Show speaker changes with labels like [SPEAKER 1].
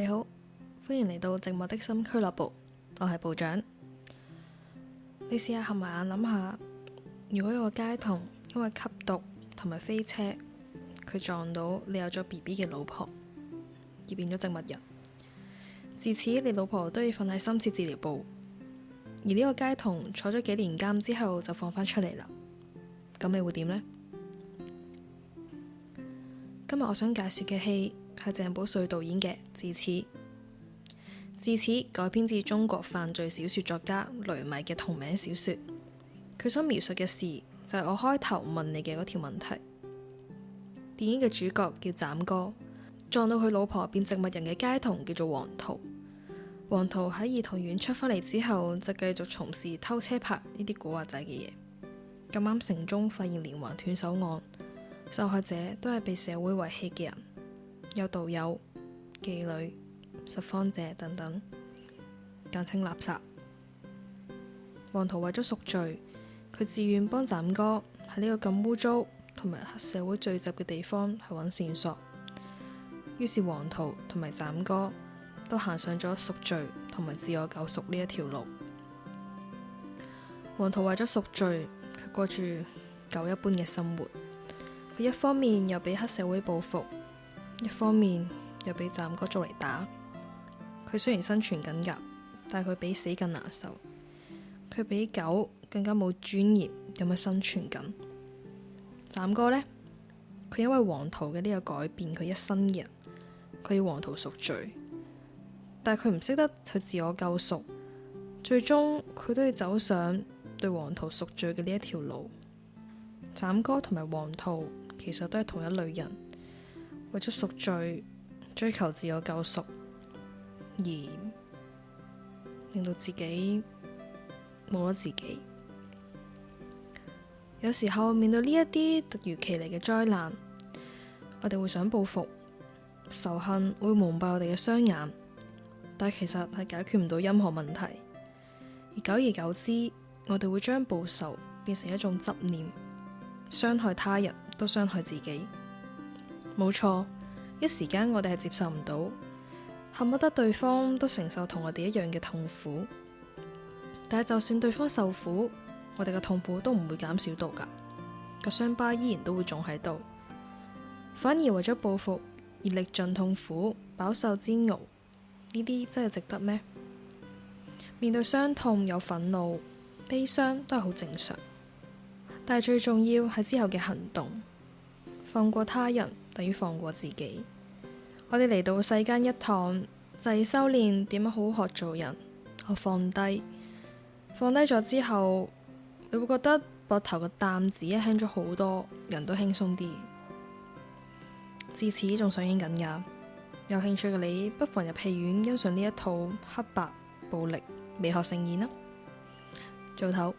[SPEAKER 1] 你好，歡迎嚟到寂寞的心俱樂部，我係部長。你試下合埋眼諗下，如果有個街童因為吸毒同埋飛車，佢撞到你有咗 B B 嘅老婆，而變咗植物人，自此你老婆都要瞓喺深切治療部，而呢個街童坐咗幾年監之後就放翻出嚟啦，咁你會點呢？今日我想介紹嘅戲。係鄭保瑞導演嘅《智齒》，《智齒》改編自中國犯罪小說作家雷米嘅同名小說。佢所描述嘅事就係、是、我開頭問你嘅嗰條問題。電影嘅主角叫斬哥，撞到佢老婆變植物人嘅街童叫做王桃。王桃喺兒童院出返嚟之後，就繼續從事偷車拍呢啲古惑仔嘅嘢。咁啱城中發現連環斷手案，受害者都係被社會遺棄嘅人。有道友、妓女、拾荒者等等，簡稱垃圾。黃桃為咗贖罪，佢自願幫斬哥喺呢個咁污糟同埋黑社會聚集嘅地方去揾線索。於是黃桃同埋斬哥都行上咗贖罪同埋自我救贖呢一條路。黃桃為咗贖罪，佢過住狗一般嘅生活。佢一方面又俾黑社會報復。一方面又俾湛哥捉嚟打，佢雖然生存緊噶，但係佢比死更難受。佢比狗更加冇尊嚴咁嘅生存感。湛哥呢？佢因為黃桃嘅呢個改變，佢一生嘅人，佢要黃桃贖罪，但係佢唔識得去自我救贖，最終佢都要走上對黃桃贖罪嘅呢一條路。斬哥同埋黃桃其實都係同一類人。為咗贖罪、追求自我救贖，而令到自己冇咗自己。有時候面對呢一啲突如其來嘅災難，我哋會想報復，仇恨會蒙蔽我哋嘅雙眼，但其實係解決唔到任何問題。而久而久之，我哋會將報仇變成一種執念，傷害他人，都傷害自己。冇錯，一時間我哋係接受唔到，恨不得對方都承受同我哋一樣嘅痛苦。但係就算對方受苦，我哋嘅痛苦都唔會減少到噶，個傷疤依然都會仲喺度。反而為咗報復，而歷盡痛苦，飽受煎熬，呢啲真係值得咩？面對傷痛，有憤怒、悲傷都係好正常，但係最重要係之後嘅行動，放過他人。等於放過自己。我哋嚟到世間一趟，就係修煉點樣好好學做人，學放低。放低咗之後，你會覺得膊頭嘅擔子一輕咗好多，人都輕鬆啲。智齒仲上映緊噶，有興趣嘅你不妨入戲院欣賞呢一套黑白暴力美學盛宴啦。早唞。